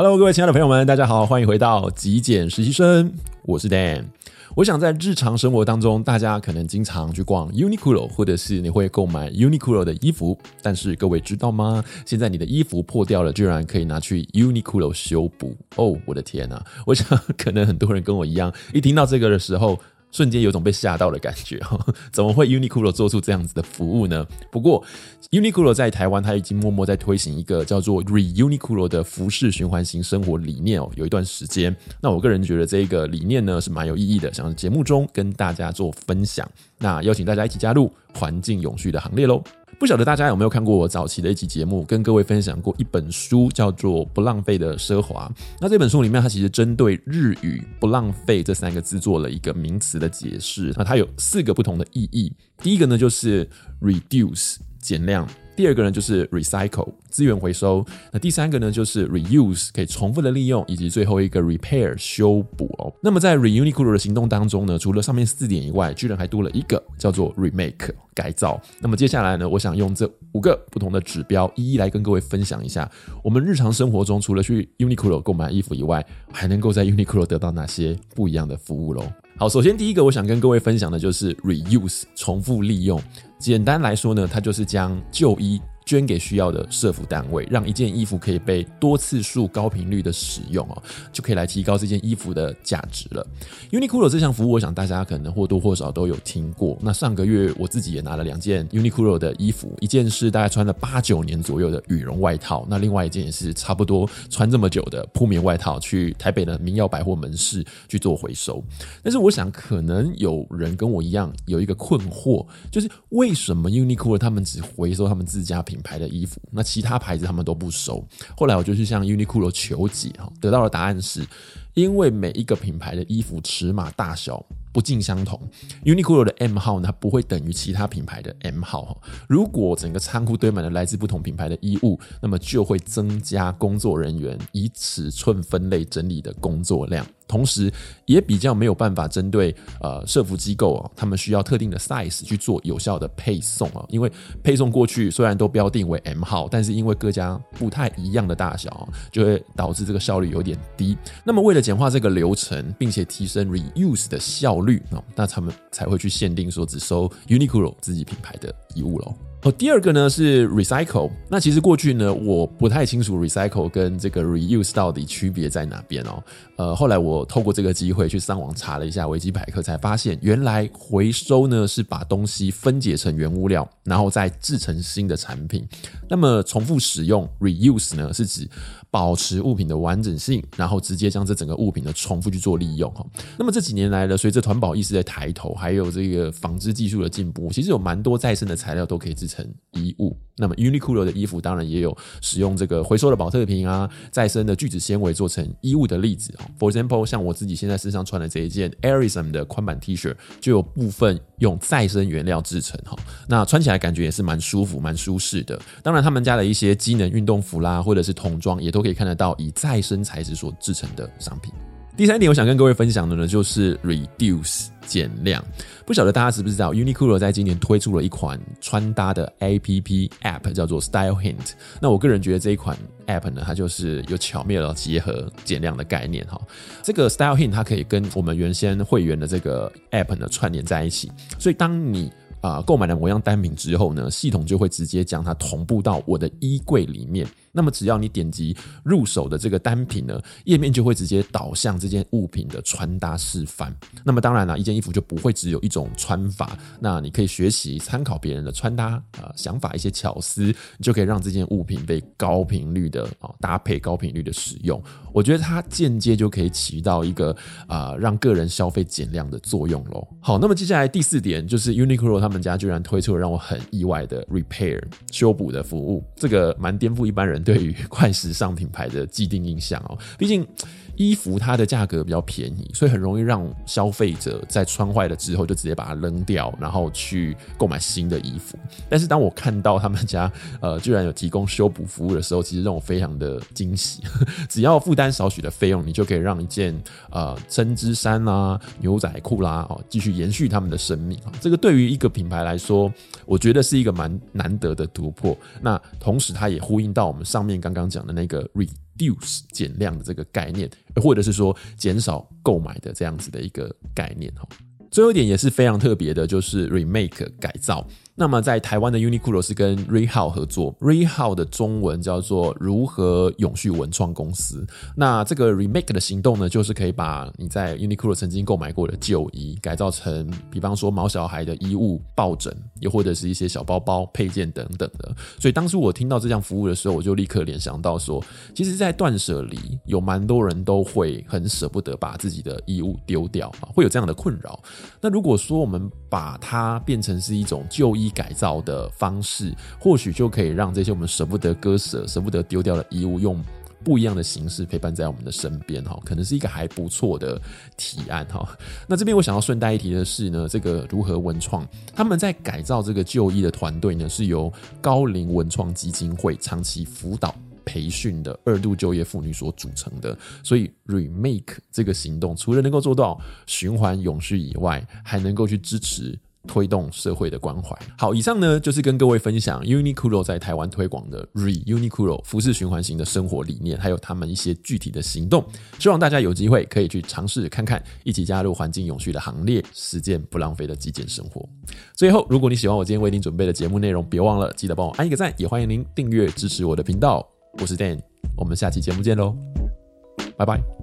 Hello，各位親愛的朋友們，大家好，歡迎回到極簡實習生，我是 Dan。我想在日常生活當中，大家可能經常去逛 Uniqlo，或者是你會購買 Uniqlo 的衣服。但是各位知道嗎？現在你的衣服破掉了，居然可以拿去 Uniqlo 修補！哦，我的天吶，我想可能很多人跟我一樣，一聽到這個的時候。瞬間有種被嚇到的感覺哈，怎麼會 Uniqlo 做出這樣子的服務呢？不過 Uniqlo 在台灣，他已經默默在推行一個叫做 Re Uniqlo 的服飾循環型生活理念哦，有一段時間，那我個人覺得這個理念呢是蠻有意義的，想在節目中跟大家做分享。那邀請大家一起加入環境永續的行列嘍。不曉得大家有沒有看過我早期的一期節目，跟各位分享過一本書，叫做《不浪費的奢華》。那這本書裡面，它其實針對日語“不浪費”這三個字做了一個名詞的解釋。那它有四個不同的意義。第一個呢，就是 reduce 減量。第二個呢，就是 recycle 資源回收，那第三個呢，就是 reuse 可以重複的利用，以及最後一個 repair 修補哦。那麼在 RE.UNIQLO 的行動當中呢，除了上面四點以外，居然還多了一個叫做 remake 改造。那麼接下來呢，我想用這五個不同的指標，一一來跟各位分享一下，我們日常生活中除了去 UNIQLO 購買衣服以外，還能夠在 UNIQLO 得到哪些不一樣的服務嘍。好，首先第一個我想跟各位分享的就是 reuse 重複利用。簡單來說呢，它就是將舊衣捐給需要的社福單位，讓一件衣服可以被多次數、高頻率的使用哦，就可以來提高這件衣服的價值了。Uniqlo 這項服務，我想大家可能或多或少都有聽過。那上個月我自己也拿了兩件 Uniqlo 的衣服，一件是大概穿了八九年左右的羽絨外套，那另外一件也是差不多穿這麼久的鋪棉外套，去台北的明曜百貨門市去做回收。但是我想，可能有人跟我一樣有一個困惑，就是為什麼 Uniqlo 他們只回收他們自家品品牌的衣服，那其他牌子他們都不收。後來我就去向 Uniqlo 求解哈，得到的答案是，因為每一個品牌的衣服尺碼大小不盡相同，Uniqlo 的 M 號呢，它不會等於其他品牌的 M 號哈。如果整個倉庫堆滿了來自不同品牌的衣物，那麼就會增加工作人員以尺寸分類整理的工作量。同時，也比較沒有辦法針對呃社福機構啊，他們需要特定的 size 去做有效的配送，啊，因為配送過去雖然都標定為 M 號，但是因為各家不太一樣的大小啊，就會導致這個效率有點低。那麼為了簡化這個流程，並且提升 reuse 的效率哦，那他們才會去限定說只收 Uniqlo 自己品牌的。遺物嘍。哦，第二個呢是 recycle。那其實過去呢，我不太清楚 recycle 跟這個 reuse 到底區別在哪邊哦。呃，後來我透過這個機會去上網查了一下維基百科，才發現原來回收呢是把東西分解成原物料，然後再制成新的產品。那麼重複使用 reuse 呢是指保持物品的完整性，然後直接將這整個物品呢重複去做利用哈。那麼這幾年來呢，隨着環保意識的抬頭，還有這個紡織技術的進步，其實有蠻多再生的產品。材料都可以製成衣物。那麼，Uniqlo 的衣服當然也有使用這個回收的保特瓶啊、再生的聚酯纖維做成衣物的例子啊。For example，像我自己現在身上穿的這一件 AIRism 的寬版 T 恤，就有部分用再生原料製成哈。那穿起來感覺也是蠻舒服、蠻舒適的。當然，他們家的一些機能運動服啦，或者是童裝，也都可以看得到以再生材質所製成的商品。第三點，我想跟各位分享的呢，就是 reduce 減量。不曉得大家知不知道，Uniqlo 在今年推出了一款穿搭的 APP app，叫做 Style Hint。那我個人覺得這一款 app 呢，它就是有巧妙的結合減量的概念哈。這個 Style Hint 它可以跟我們原先會員的這個 app 呢，串聯在一起，所以當你啊，購買了某樣單品之後呢，系統就會直接將它同步到我的衣櫃裡面。那麼只要你點擊入手的這個單品呢，頁面就會直接導向這件物品的穿搭示範。那麼當然啦、啊，一件衣服就不會只有一種穿法，那你可以學習參考別人的穿搭啊、呃、想法一些巧思，你就可以讓這件物品被高頻率的啊、哦、搭配、高頻率的使用。我覺得它間接就可以起到一個啊、呃、讓個人消費減量的作用嘍。好，那麼接下來第四點就是 Uniqlo 它。他們家居然推出了讓我很意外的 repair 修補的服務，這個蠻顛覆一般人對於快時尚品牌的既定印象哦，畢竟。衣服它的價格比較便宜，所以很容易讓消費者在穿壞了之後就直接把它扔掉，然後去購買新的衣服。但是當我看到他們家呃居然有提供修補服務的時候，其實讓我非常的驚喜。只要負擔少許的費用，你就可以讓一件呃針織衫啦、啊、牛仔褲啦哦繼續延續他們的生命。這個對於一個品牌來說，我覺得是一個蠻難得的突破。那同時它也呼應到我們上面剛剛講的那個 RE。reduce 減量的這個概念，或者是說減少購買的這樣子的一個概念哈。最後一點也是非常特別的，就是 remake 改造。那麼，在台灣的 Uniqlo 是跟 Rehow 合作，Rehow 的中文叫做如何永續文創公司。那這個 Remake 的行動呢，就是可以把你在 Uniqlo 曾經購買過的舊衣改造成，比方說毛小孩的衣物、抱枕，又或者是一些小包包、配件等等的。所以當初我聽到這項服務的時候，我就立刻聯想到說，其實，在斷捨離有蠻多人都會很舍不得把自己的衣物丟掉啊，會有這樣的困擾。那如果說我們把它變成是一種舊衣改造的方式，或許就可以讓這些我們舍不得割舍、舍不得丟掉的衣物，用不一樣的形式陪伴在我們的身邊，哈、哦，可能是一個還不錯的提案，哈、哦。那這邊我想要順帶一提的是呢，這個如何文創，他們在改造這個舊衣的團隊呢，是由高齡文創基金會長期輔導。培訓的二度就業婦女所組成的，所以 remake 這個行動除了能夠做到循環永續以外，還能夠去支持推動社會的關懷。好，以上呢就是跟各位分享 Uniqlo 在台灣推廣的 RE.UNIQLO 服飾循環型的生活理念，還有他們一些具體的行動。希望大家有機會可以去嘗試看看，一起加入環境永續的行列，實踐不浪費的極簡生活。最後，如果你喜歡我今天為您準備的節目內容，別忘了記得幫我按一個讚，也歡迎您訂閱支持我的頻道。我是 Dan，我們下期節目見嘍，拜拜。